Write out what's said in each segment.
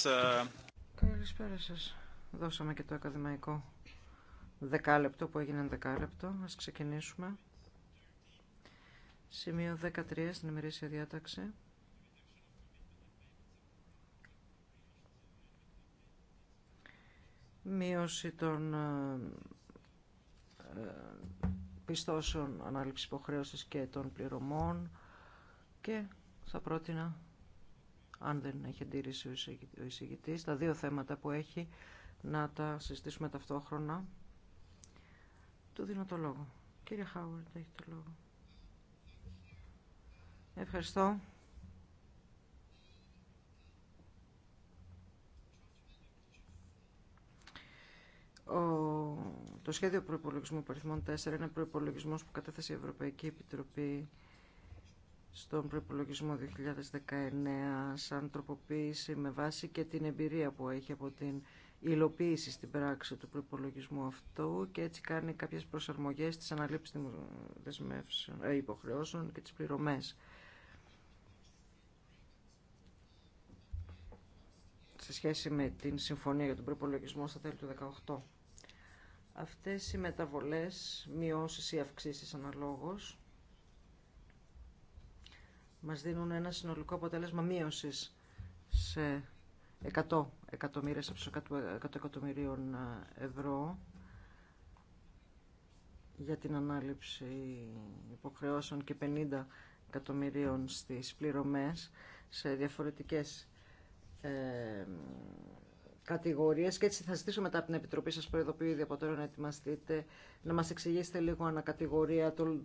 Uh, Καλησπέρα σας. Δώσαμε και το ακαδημαϊκό δεκάλεπτο που έγινε δεκάλεπτο. Ας ξεκινήσουμε. Σημείο 13 στην ημερήσια διάταξη. Μείωση των ε, ε, πιστώσεων ανάληψη υποχρέωσης και των πληρωμών και θα πρότεινα αν δεν έχει αντίρρηση ο εισηγητή, τα δύο θέματα που έχει να τα συστήσουμε ταυτόχρονα. Του δίνω το λόγο. Κύριε Χάουαρντ, έχει το λόγο. Ευχαριστώ. Το σχέδιο προπολογισμού παριθμών 4 είναι προπολογισμό που κατέθεσε η Ευρωπαϊκή Επιτροπή στον προπολογισμό 2019 σαν τροποποίηση με βάση και την εμπειρία που έχει από την υλοποίηση στην πράξη του προπολογισμού αυτού και έτσι κάνει κάποιες προσαρμογές στις αναλήψεις δεσμεύσεων, ε, υποχρεώσεων και τις πληρωμές. σε σχέση με την συμφωνία για τον προπολογισμό στα τέλη του 2018. Αυτές οι μεταβολές, μειώσεις ή αυξήσεις αναλόγως, μας δίνουν ένα συνολικό αποτέλεσμα μείωσης σε 100 εκατομμύρια, σε 100 εκατομμυρίων ε, ευρώ για την ανάληψη υποχρεώσεων και 50 εκατομμυρίων στις πληρωμές σε διαφορετικές ε, κατηγορίες και έτσι θα ζητήσω μετά από την Επιτροπή σας προειδοποιώ ήδη από τώρα να ετοιμαστείτε να μας εξηγήσετε λίγο ανακατηγορία το,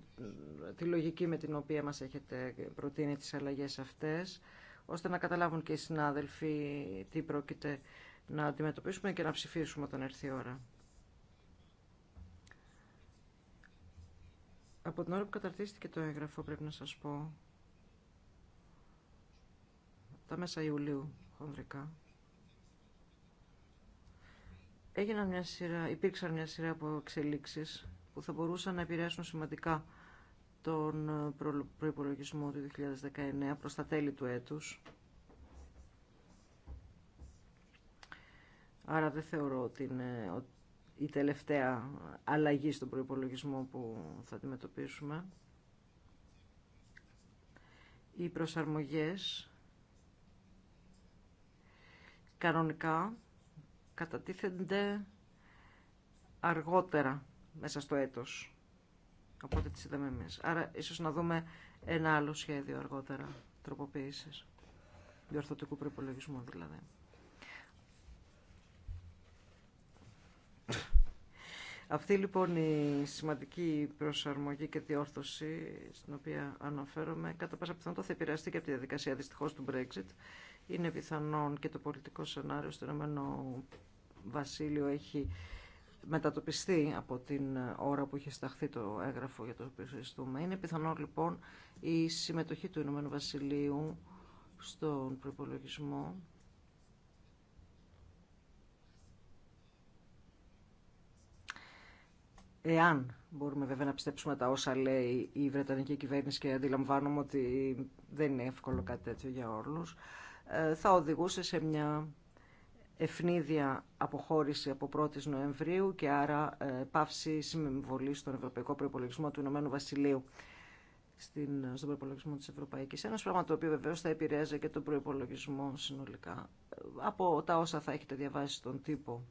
τη λογική με την οποία μας έχετε προτείνει τις αλλαγές αυτές ώστε να καταλάβουν και οι συνάδελφοι τι πρόκειται να αντιμετωπίσουμε και να ψηφίσουμε όταν έρθει η ώρα. Από την ώρα που καταρτίστηκε το έγγραφο πρέπει να σας πω τα μέσα Ιουλίου χονδρικά έγιναν μια σειρά, υπήρξαν μια σειρά από εξελίξεις που θα μπορούσαν να επηρεάσουν σημαντικά τον ε, προϋπολογισμό του 2019 προς τα τέλη του έτους. Άρα δεν θεωρώ ότι είναι η τελευταία αλλαγή στον προϋπολογισμό που θα αντιμετωπίσουμε. Οι προσαρμογές κανονικά κατατίθενται αργότερα μέσα στο έτος από τις είδαμε εμείς. Άρα ίσως να δούμε ένα άλλο σχέδιο αργότερα τροποποίησης διορθωτικού προπολογισμού δηλαδή. Αυτή λοιπόν η σημαντική προσαρμογή και διόρθωση στην οποία αναφέρομαι κατά πάσα πιθανότητα θα επηρεαστεί και από τη διαδικασία δυστυχώς του Brexit είναι πιθανόν και το πολιτικό σενάριο στο Ηνωμένο Βασίλειο έχει μετατοπιστεί από την ώρα που είχε σταχθεί το έγγραφο για το οποίο συζητούμε. Είναι πιθανόν λοιπόν η συμμετοχή του Ηνωμένου Βασιλείου στον προπολογισμό Εάν μπορούμε βέβαια να πιστέψουμε τα όσα λέει η Βρετανική κυβέρνηση και αντιλαμβάνομαι ότι δεν είναι εύκολο κάτι τέτοιο για όλους, ε, θα οδηγούσε σε μια ευνίδια αποχώρηση από 1η Νοεμβρίου και άρα ε, πάυση συμβολή στον Ευρωπαϊκό Προπολογισμό του Ηνωμένου Βασιλείου στην, στον προπολογισμό της Ευρωπαϊκής Ένωσης, πράγμα το οποίο βεβαίως θα επηρέαζε και τον προπολογισμό συνολικά. Ε, από τα όσα θα έχετε διαβάσει στον τύπο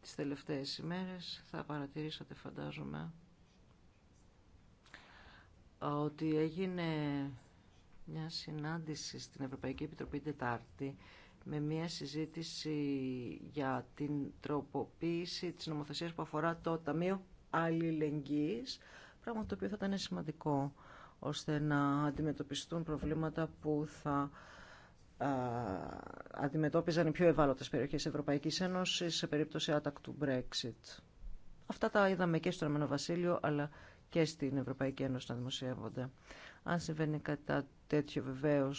τις τελευταίες ημέρες, θα παρατηρήσατε φαντάζομαι ότι έγινε μια συνάντηση στην Ευρωπαϊκή Επιτροπή Τετάρτη με μια συζήτηση για την τροποποίηση της νομοθεσίας που αφορά το Ταμείο Αλληλεγγύης, πράγμα το οποίο θα ήταν σημαντικό ώστε να αντιμετωπιστούν προβλήματα που θα α, αντιμετώπιζαν οι πιο ευάλωτες περιοχές Ευρωπαϊκής Ένωσης σε περίπτωση άτακτου Brexit. Αυτά τα είδαμε και στο Ρωμανό Βασίλειο, αλλά και στην Ευρωπαϊκή Ένωση να δημοσιεύονται. Αν συμβαίνει κάτι τέτοιο βεβαίω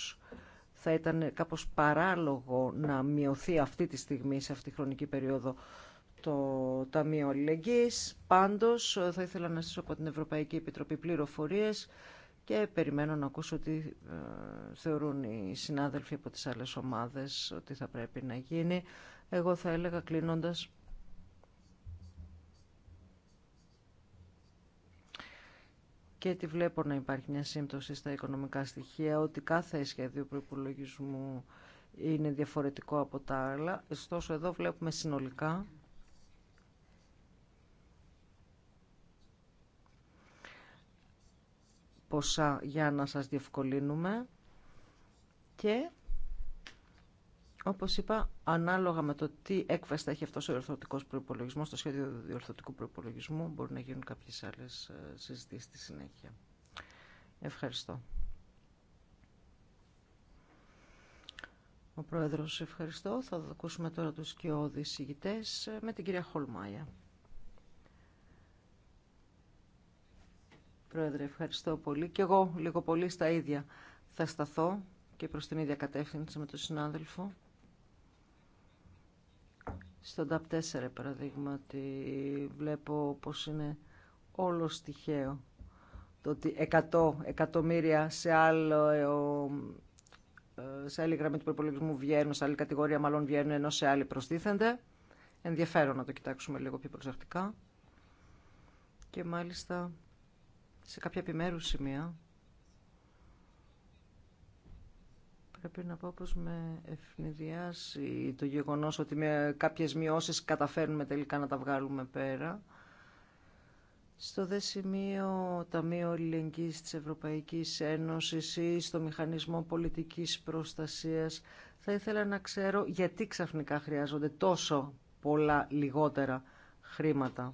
θα ήταν κάπως παράλογο να μειωθεί αυτή τη στιγμή σε αυτή τη χρονική περίοδο το Ταμείο Αλληλεγγύης. Πάντως θα ήθελα να σας από την Ευρωπαϊκή Επιτροπή πληροφορίες και περιμένω να ακούσω τι ε, θεωρούν οι συνάδελφοι από τις άλλες ομάδες ότι θα πρέπει να γίνει. Εγώ θα έλεγα κλείνοντας και τη βλέπω να υπάρχει μια σύμπτωση στα οικονομικά στοιχεία ότι κάθε σχέδιο προπολογισμού είναι διαφορετικό από τα άλλα. Ωστόσο εδώ βλέπουμε συνολικά ποσά για να σας διευκολύνουμε και όπως είπα, ανάλογα με το τι έκβαση θα έχει αυτός ο διορθωτικός προϋπολογισμός, το σχέδιο διορθωτικού προϋπολογισμού, μπορεί να γίνουν κάποιες άλλες ε, συζητήσεις στη συνέχεια. Ευχαριστώ. Ο Πρόεδρος, ευχαριστώ. Θα ακούσουμε τώρα τους κοιόδης ηγητές ε, με την κυρία Χολμάια. Πρόεδρε, ευχαριστώ πολύ. Και εγώ λίγο πολύ στα ίδια θα σταθώ και προς την ίδια κατεύθυνση με τον συνάδελφο στον ΤΑΠ 4 παραδείγματι βλέπω πως είναι όλο τυχαίο το ότι 100 εκατομμύρια σε άλλο ε, ε, σε άλλη γραμμή του προπολογισμού βγαίνουν, σε άλλη κατηγορία μάλλον βγαίνουν, ενώ σε άλλη προστίθενται. Ενδιαφέρον να το κοιτάξουμε λίγο πιο προσεκτικά. Και μάλιστα σε κάποια επιμέρους σημεία πρέπει να πω πως με ευνηδιάζει το γεγονός ότι με κάποιες μειώσεις καταφέρνουμε τελικά να τα βγάλουμε πέρα. Στο δε σημείο Ταμείο Αλληλεγγύης της Ευρωπαϊκής Ένωσης ή στο Μηχανισμό Πολιτικής Προστασίας θα ήθελα να ξέρω γιατί ξαφνικά χρειάζονται τόσο πολλά λιγότερα χρήματα.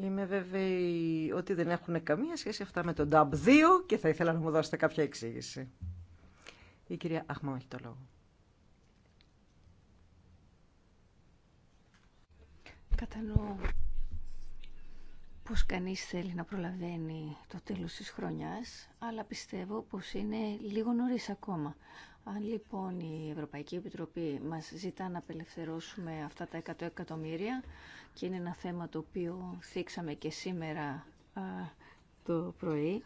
Είμαι βέβαιη ότι δεν έχουν καμία σχέση αυτά με τον DAB 2 και θα ήθελα να μου δώσετε κάποια εξήγηση. Η κυρία Αχμό έχει το λόγο. Κατανοώ πως κανείς θέλει να προλαβαίνει το τέλος της χρονιάς, αλλά πιστεύω πως είναι λίγο νωρίς ακόμα. Αν λοιπόν η Ευρωπαϊκή Επιτροπή μας ζητά να απελευθερώσουμε αυτά τα 100 εκατομμύρια, και είναι ένα θέμα το οποίο θίξαμε και σήμερα το πρωί.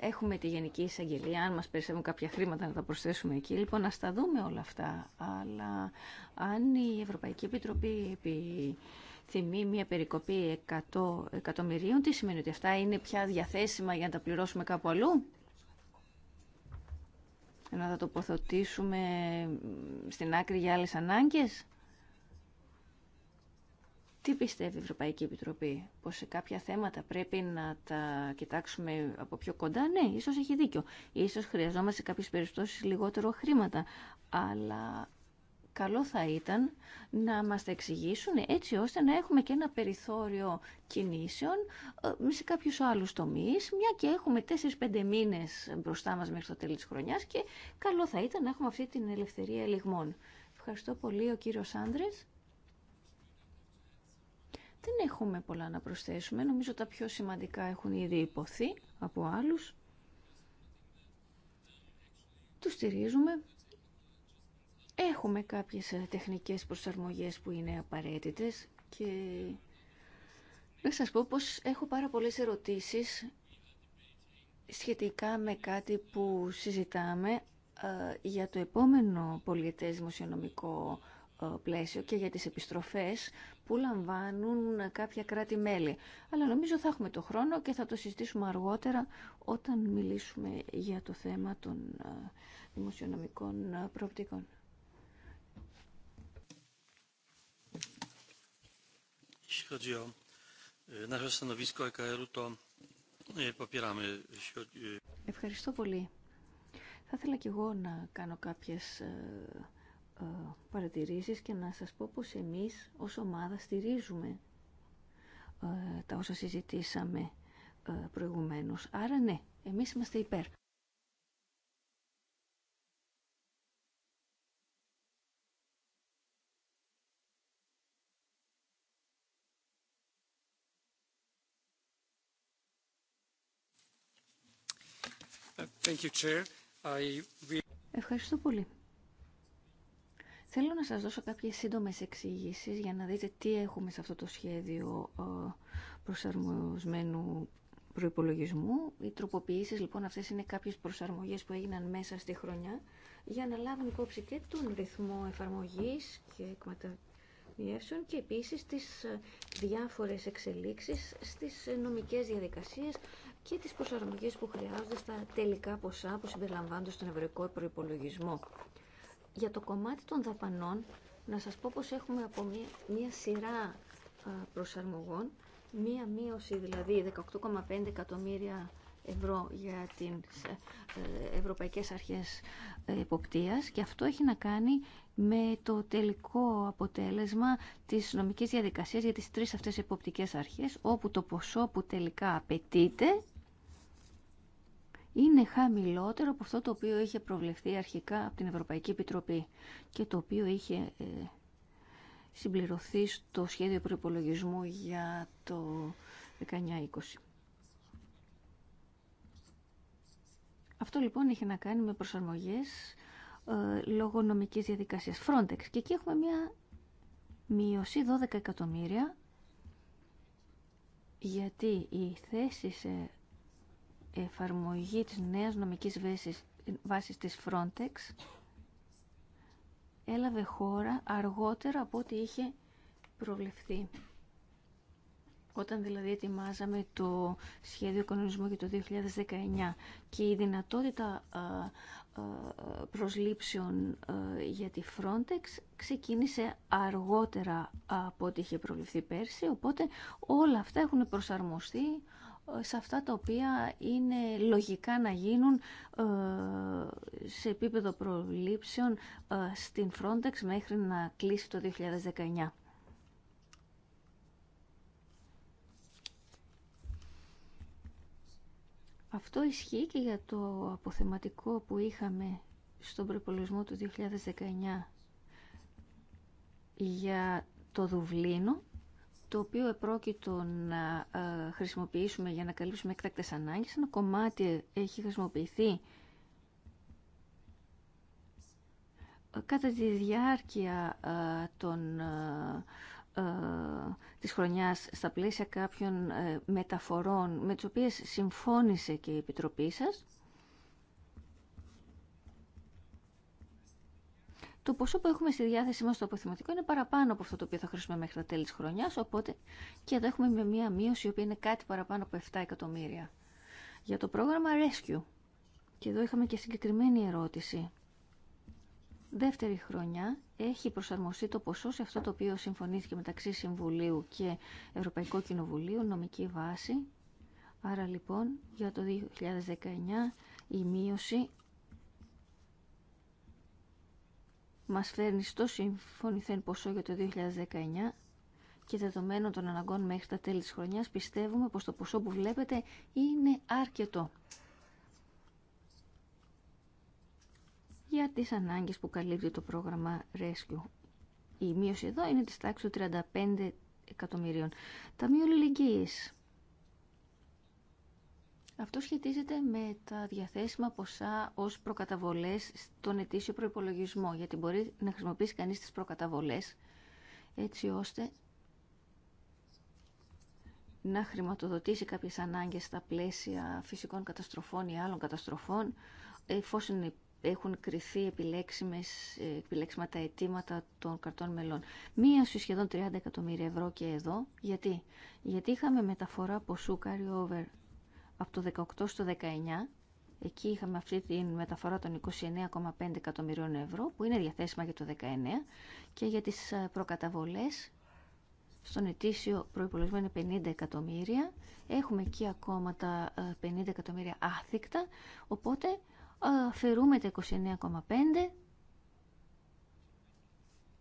Ε, έχουμε τη Γενική Εισαγγελία, αν μας περισσεύουν κάποια χρήματα να τα προσθέσουμε εκεί, λοιπόν να τα δούμε όλα αυτά. Αλλά αν η Ευρωπαϊκή Επιτροπή επιθυμεί μια περικοπή 100 εκατομμυρίων, τι σημαίνει ότι αυτά είναι πια διαθέσιμα για να τα πληρώσουμε κάπου αλλού. Ε, να τα τοποθετήσουμε στην άκρη για άλλες ανάγκες. Τι πιστεύει η Ευρωπαϊκή Επιτροπή, πως σε κάποια θέματα πρέπει να τα κοιτάξουμε από πιο κοντά. Ναι, ίσως έχει δίκιο. Ίσως χρειαζόμαστε σε κάποιες περιπτώσεις λιγότερο χρήματα. Αλλά καλό θα ήταν να μας τα εξηγήσουν έτσι ώστε να έχουμε και ένα περιθώριο κινήσεων ε, σε κάποιους άλλους τομείς, μια και έχουμε 4-5 μήνες μπροστά μας μέχρι το τέλος της χρονιάς και καλό θα ήταν να έχουμε αυτή την ελευθερία ελιγμών. Ευχαριστώ πολύ ο κύριος Άντρες. Δεν έχουμε πολλά να προσθέσουμε. Νομίζω τα πιο σημαντικά έχουν ήδη υποθεί από άλλους. Τους στηρίζουμε. Έχουμε κάποιες τεχνικές προσαρμογές που είναι απαραίτητες και να σας πω πως έχω πάρα πολλές ερωτήσεις σχετικά με κάτι που συζητάμε ε, για το επόμενο πολιετές δημοσιονομικό ε, πλαίσιο και για τις επιστροφές που λαμβάνουν κάποια κράτη-μέλη. Αλλά νομίζω θα έχουμε το χρόνο και θα το συζητήσουμε αργότερα όταν μιλήσουμε για το θέμα των ε, δημοσιονομικών ε, προοπτικών. Ευχαριστώ πολύ. Θα ήθελα κι εγώ να κάνω κάποιες ε, παρατηρήσεις και να σας πω πως εμείς ως ομάδα στηρίζουμε ε, τα όσα συζητήσαμε ε, προηγουμένως. Άρα ναι, εμείς είμαστε υπέρ. Ευχαριστώ πολύ. Θέλω να σας δώσω κάποιες σύντομες εξήγησει για να δείτε τι έχουμε σε αυτό το σχέδιο ε, προσαρμοσμένου προϋπολογισμού. Οι τροποποιήσεις λοιπόν αυτές είναι κάποιες προσαρμογές που έγιναν μέσα στη χρονιά για να λάβουν υπόψη και τον ρυθμό εφαρμογής και εκμεταλλεύσεων και επίσης τις ε, διάφορες εξελίξεις στις ε, νομικές διαδικασίες και τις προσαρμογές που χρειάζονται στα τελικά ποσά που συμπεριλαμβάνονται στον ευρωϊκό προϋπολογισμό. Για το κομμάτι των δαπανών, να σας πω πως έχουμε από μία, σειρά προσαρμογών, μία μείωση δηλαδή 18,5 εκατομμύρια ευρώ για τις ε, Ευρωπαϊκές Αρχές ε, Εποπτείας και αυτό έχει να κάνει με το τελικό αποτέλεσμα της νομικής διαδικασίας για τις τρεις αυτές εποπτικές αρχές όπου το ποσό που τελικά απαιτείται είναι χαμηλότερο από αυτό το οποίο είχε προβλεφθεί αρχικά από την Ευρωπαϊκή Επιτροπή και το οποίο είχε ε, συμπληρωθεί στο σχέδιο προϋπολογισμού για το 19-20. Αυτό λοιπόν είχε να κάνει με προσαρμογές ε, λόγω νομικής διαδικασίας Frontex και εκεί έχουμε μια μείωση 12 εκατομμύρια γιατί η θέση εφαρμογή της νέας νομικής βάσης, βάσης της Frontex έλαβε χώρα αργότερα από ό,τι είχε προβλεφθεί. Όταν δηλαδή ετοιμάζαμε το σχέδιο οικονομισμού για το 2019 και η δυνατότητα προσλήψεων για τη Frontex ξεκίνησε αργότερα από ό,τι είχε προβληθεί πέρσι, οπότε όλα αυτά έχουν προσαρμοστεί σε αυτά τα οποία είναι λογικά να γίνουν ε, σε επίπεδο προλήψεων ε, στην Frontex μέχρι να κλείσει το 2019. Αυτό ισχύει και για το αποθεματικό που είχαμε στον προπολογισμό του 2019 για το Δουβλίνο το οποίο επρόκειτο να ε, χρησιμοποιήσουμε για να καλύψουμε έκτακτες ανάγκες. Ένα κομμάτι έχει χρησιμοποιηθεί κατά τη διάρκεια ε, των, ε, της χρονιάς στα πλαίσια κάποιων μεταφορών με τις οποίες συμφώνησε και η Επιτροπή σας. το ποσό που έχουμε στη διάθεσή μα στο αποθυματικό είναι παραπάνω από αυτό το οποίο θα χρήσουμε μέχρι τα τέλη της χρονιάς, οπότε και εδώ έχουμε μία μείωση η οποία είναι κάτι παραπάνω από 7 εκατομμύρια. Για το πρόγραμμα Rescue, και εδώ είχαμε και συγκεκριμένη ερώτηση. Δεύτερη χρονιά έχει προσαρμοστεί το ποσό σε αυτό το οποίο συμφωνήθηκε μεταξύ Συμβουλίου και Ευρωπαϊκού Κοινοβουλίου, νομική βάση. Άρα λοιπόν για το 2019 η μείωση μας φέρνει στο συμφωνηθέν ποσό για το 2019 και δεδομένων των αναγκών μέχρι τα τέλη της χρονιάς πιστεύουμε πως το ποσό που βλέπετε είναι αρκετό για τις ανάγκες που καλύπτει το πρόγραμμα Rescue. Η μείωση εδώ είναι της τάξης του 35 εκατομμυρίων. Ταμείο Λιλεγγύης αυτό σχετίζεται με τα διαθέσιμα ποσά ως προκαταβολές στον ετήσιο προπολογισμό, γιατί μπορεί να χρησιμοποιήσει κανεί τι προκαταβολές έτσι ώστε να χρηματοδοτήσει κάποιε ανάγκε στα πλαίσια φυσικών καταστροφών ή άλλων καταστροφών, εφόσον έχουν κριθεί επιλέξιμες, ε, επιλέξιμα τα αιτήματα των καρτών μελών. Μία σχεδόν 30 εκατομμύρια ευρώ και εδώ. Γιατί, Γιατί είχαμε μεταφορά ποσού carry over από το 18 στο 19 εκεί είχαμε αυτή τη μεταφορά των 29,5 εκατομμυρίων ευρώ που είναι διαθέσιμα για το 19 και για τις ε, προκαταβολές στον ετήσιο προϋπολογισμό είναι 50 εκατομμύρια. Έχουμε εκεί ακόμα τα 50 ε, εκατομμύρια άθικτα, οπότε αφαιρούμε ε, τα 29,5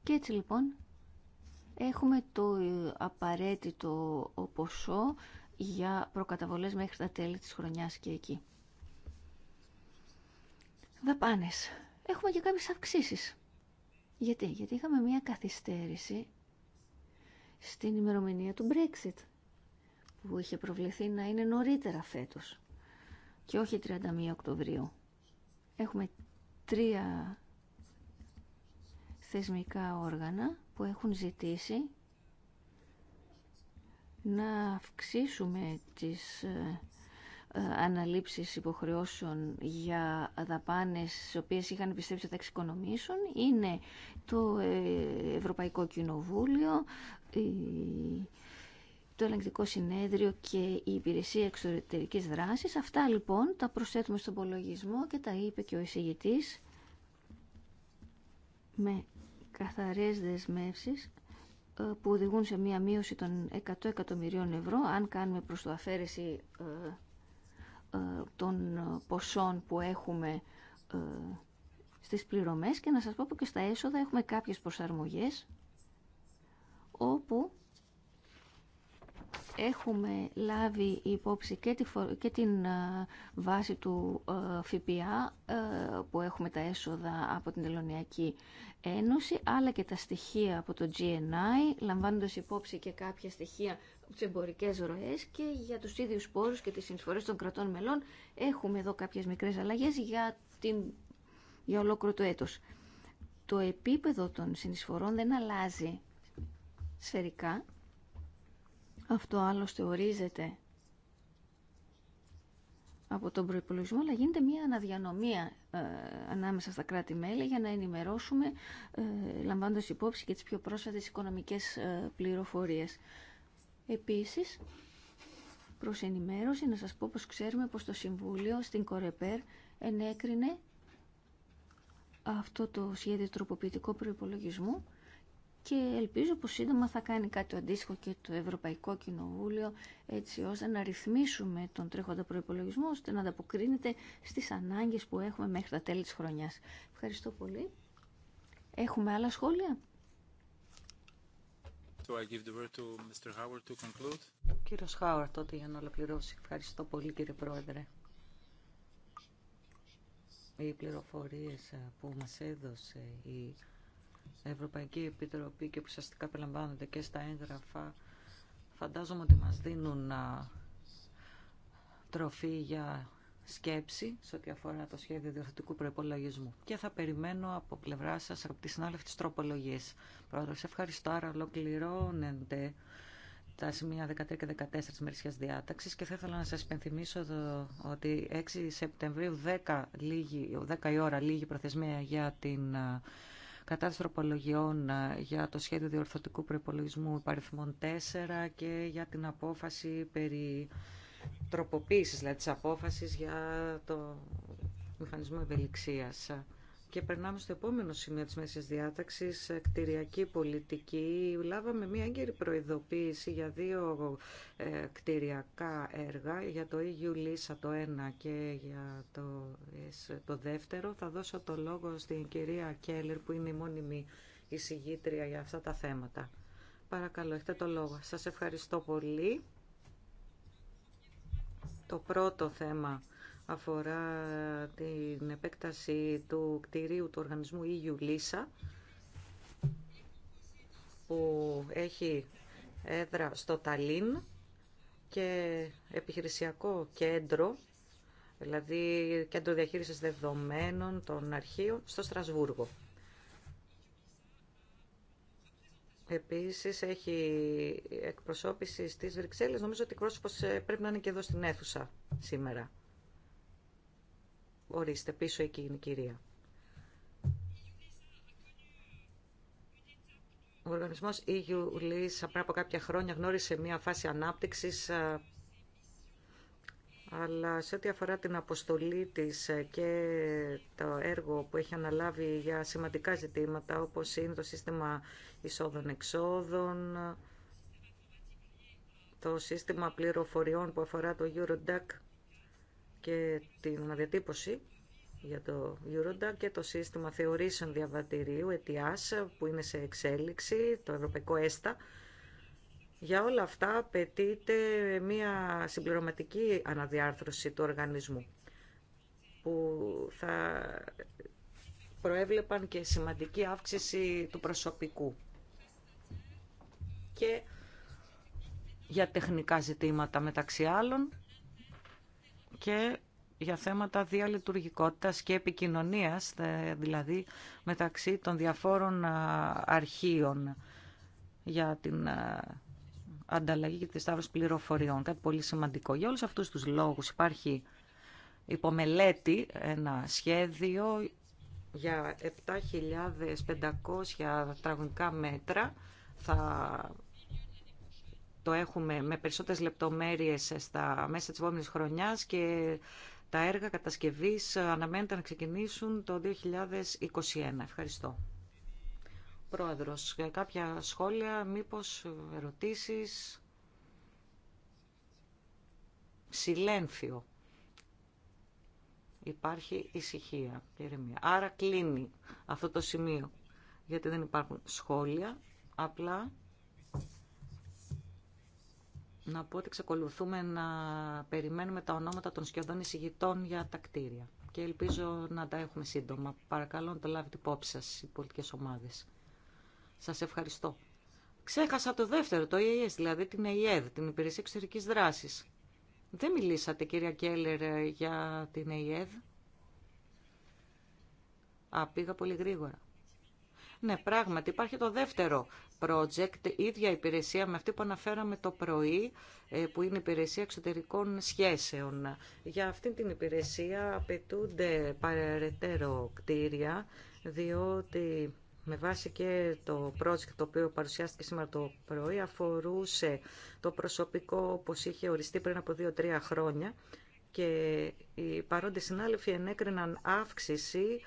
και έτσι λοιπόν έχουμε το απαραίτητο ποσό για προκαταβολές μέχρι τα τέλη της χρονιάς και εκεί. Δαπάνες. Έχουμε και κάποιες αυξήσεις. Γιατί, γιατί είχαμε μία καθυστέρηση στην ημερομηνία του Brexit που είχε προβληθεί να είναι νωρίτερα φέτος και όχι 31 Οκτωβρίου. Έχουμε τρία θεσμικά όργανα που έχουν ζητήσει να αυξήσουμε τις ε, ε, αναλήψεις υποχρεώσεων για δαπάνες τις οποίες είχαν πιστέψει ότι θα εξοικονομήσουν είναι το ε, Ευρωπαϊκό Κοινοβούλιο, το Ελεγκτικό Συνέδριο και η Υπηρεσία Εξωτερικής Δράσης. Αυτά λοιπόν τα προσθέτουμε στον πολογισμό και τα είπε και ο εισηγητής με καθαρές δεσμεύσεις ε, που οδηγούν σε μία μείωση των 100 εκατομμυρίων ευρώ αν κάνουμε προς το αφαίρεση ε, ε, των ποσών που έχουμε στις πληρωμές και να σας πω που και στα έσοδα έχουμε κάποιες προσαρμογές όπου έχουμε λάβει υπόψη και, και την ε, βάση του ε, ΦΠΑ ε, που έχουμε τα έσοδα από την Τελωνιακή Ένωση αλλά και τα στοιχεία από το GNI λαμβάνοντας υπόψη και κάποια στοιχεία τι εμπορικέ ροέ και για τους ίδιους πόρου και τις συνεισφορές των κρατών μελών έχουμε εδώ κάποιες μικρές αλλαγέ για, την... για ολόκληρο το έτος. Το επίπεδο των συνεισφορών δεν αλλάζει σφαιρικά, αυτό άλλωστε ορίζεται από τον προϋπολογισμό, αλλά γίνεται μια αναδιανομία ε, ανάμεσα στα κράτη-μέλη για να ενημερώσουμε, ε, λαμβάνοντας υπόψη και τις πιο πρόσφατες οικονομικές ε, πληροφορίες. Επίσης, προς ενημέρωση, να σας πω πως ξέρουμε πως το Συμβούλιο στην Κορεπέρ ενέκρινε αυτό το σχέδιο τροποποιητικό προϋπολογισμού και ελπίζω πως σύντομα θα κάνει κάτι το αντίστοιχο και το Ευρωπαϊκό Κοινοβούλιο έτσι ώστε να ρυθμίσουμε τον τρέχοντα προϋπολογισμό ώστε να ανταποκρίνεται στις ανάγκες που έχουμε μέχρι τα τέλη της χρονιάς. Ευχαριστώ πολύ. Έχουμε άλλα σχόλια. So I give the word to Mr. Howard to conclude. κύριος Χάουαρ τότε για να ολοκληρώσει. Ευχαριστώ πολύ κύριε Πρόεδρε. Οι πληροφορίες ε, που μας έδωσε η Ευρωπαϊκή Επιτροπή και που ουσιαστικά περιλαμβάνονται και στα έγγραφα φαντάζομαι ότι μας δίνουν τροφή για σκέψη σε ό,τι αφορά το σχέδιο διορθωτικού προπολογισμού. Και θα περιμένω από πλευρά σα, από τι της τροπολογία. Πρόεδρο, ευχαριστώ. Άρα, ολοκληρώνεται τα σημεία 13 και 14 τη διάταξη και θα ήθελα να σα υπενθυμίσω εδώ ότι 6 Σεπτεμβρίου, 10, λίγη, 10 η ώρα, λίγη προθεσμία για την κατά τροπολογιών ε, για το σχέδιο διορθωτικού προπολογισμού υπαριθμών 4 και για την απόφαση περί τροποποίησης, δηλαδή της απόφασης για το μηχανισμό ευελιξίας. Και περνάμε στο επόμενο σημείο της μέσης διάταξης, κτηριακή πολιτική. Λάβαμε μία έγκαιρη προειδοποίηση για δύο ε, κτηριακά έργα, για το EU Λίσα το ένα και για το, το δεύτερο. Θα δώσω το λόγο στην κυρία Κέλλερ που είναι η μόνιμη εισηγήτρια για αυτά τα θέματα. Παρακαλώ, έχετε το λόγο. Σας ευχαριστώ πολύ. Το πρώτο θέμα αφορά την επέκταση του κτηρίου του οργανισμού Ήγιου e που έχει έδρα στο Ταλίν και επιχειρησιακό κέντρο, δηλαδή κέντρο διαχείρισης δεδομένων των αρχείων στο Στρασβούργο. Επίσης έχει εκπροσώπηση στις Βρυξέλλες. Νομίζω ότι η ε, πρέπει να είναι και εδώ στην αίθουσα σήμερα. Ορίστε, πίσω εκεί είναι η κυρία. Ο οργανισμός EU πριν από κάποια χρόνια γνώρισε μια φάση ανάπτυξη, αλλά σε ό,τι αφορά την αποστολή της ε, και το έργο που έχει αναλάβει για σημαντικά ζητήματα όπως είναι το σύστημα εισόδων-εξόδων, το σύστημα πληροφοριών που αφορά το Eurodac και την αναδιατύπωση για το Eurodac και το σύστημα θεωρήσεων διαβατηρίου ETIAS που είναι σε εξέλιξη, το ευρωπαϊκό ΕΣΤΑ. Για όλα αυτά απαιτείται μια συμπληρωματική αναδιάρθρωση του οργανισμού που θα προέβλεπαν και σημαντική αύξηση του προσωπικού και για τεχνικά ζητήματα μεταξύ άλλων και για θέματα διαλειτουργικότητας και επικοινωνίας, δηλαδή μεταξύ των διαφόρων αρχείων για την ανταλλαγή και τη στάβρωση πληροφοριών. Κάτι πολύ σημαντικό. Για όλους αυτούς τους λόγους υπάρχει υπομελέτη ένα σχέδιο για 7.500 τετραγωνικά μέτρα θα το έχουμε με περισσότερες λεπτομέρειες στα μέσα της επόμενης χρονιάς και τα έργα κατασκευής αναμένεται να ξεκινήσουν το 2021. Ευχαριστώ. Πρόεδρος, κάποια σχόλια, μήπως ερωτήσεις. Συλένθιο. Υπάρχει ησυχία, ηρεμία. Άρα κλείνει αυτό το σημείο, γιατί δεν υπάρχουν σχόλια, απλά να πω ότι ξεκολουθούμε να περιμένουμε τα ονόματα των σχεδόν εισηγητών για τα κτίρια και ελπίζω να τα έχουμε σύντομα. Παρακαλώ να το λάβετε υπόψη σας οι πολιτικές ομάδες. Σας ευχαριστώ. Ξέχασα το δεύτερο, το EAS, δηλαδή την ΕΙΕΔ, την Υπηρεσία εξωτερική Δράσης. Δεν μιλήσατε, κυρία Κέλλερ, για την ΕΙΕΔ. Α, πήγα πολύ γρήγορα. Ναι, πράγματι υπάρχει το δεύτερο project, η ίδια υπηρεσία με αυτή που αναφέραμε το πρωί, ε, που είναι υπηρεσία εξωτερικών σχέσεων. Για αυτή την υπηρεσία απαιτούνται παρεραιτέρω κτίρια, διότι με βάση και το project το οποίο παρουσιάστηκε σήμερα το πρωί αφορούσε το προσωπικό όπως είχε οριστεί πριν απο δυο δύο-τρία χρόνια και οι παρόντες συνάλλευοι ενέκριναν αύξηση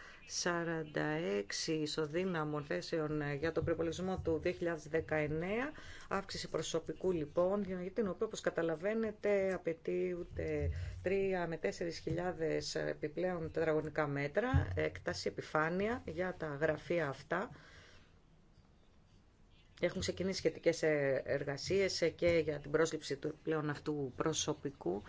46 ισοδύναμων θέσεων για τον προπολογισμό του 2019, αύξηση προσωπικού λοιπόν, για την οποία όπως καταλαβαίνετε απαιτεί ούτε 3 με 4 χιλιάδες επιπλέον τετραγωνικά μέτρα, έκταση, επιφάνεια για τα γραφεία αυτά. Έχουν ξεκινήσει σχετικές εργασίες και για την πρόσληψη του πλέον αυτού προσωπικού.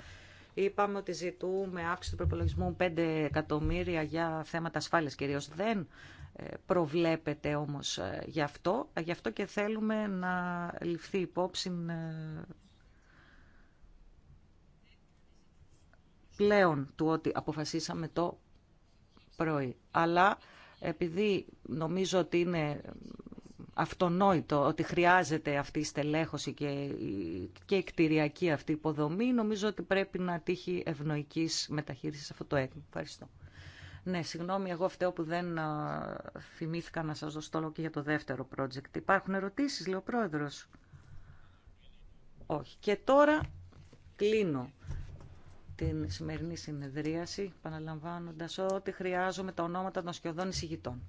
Είπαμε ότι ζητούμε αύξηση του προπολογισμού 5 εκατομμύρια για θέματα ασφάλειας κυρίως. Δεν ε, προβλέπεται όμως ε, γι' αυτό. Γι' αυτό και θέλουμε να ληφθεί υπόψη ε, πλέον του ότι αποφασίσαμε το πρωί. Αλλά επειδή νομίζω ότι είναι αυτονόητο ότι χρειάζεται αυτή η στελέχωση και, και η κτηριακή αυτή υποδομή. Νομίζω ότι πρέπει να τύχει ευνοϊκής μεταχείρισης αυτό το έργο. Ευχαριστώ. Ναι, συγγνώμη, εγώ φταίω που δεν θυμήθηκα να σας δώσω το λόγο και για το δεύτερο project. Υπάρχουν ερωτήσεις, λέει ο πρόεδρος. Όχι. Και τώρα κλείνω την σημερινή συνεδρίαση, παραλαμβάνοντα ότι χρειάζομαι τα ονόματα των σχεδόν εισηγητών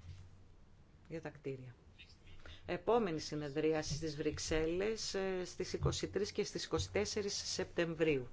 για τα κτίρια επόμενη συνεδρίαση στις Βρυξέλλες ε, στις 23 και στις 24 Σεπτεμβρίου.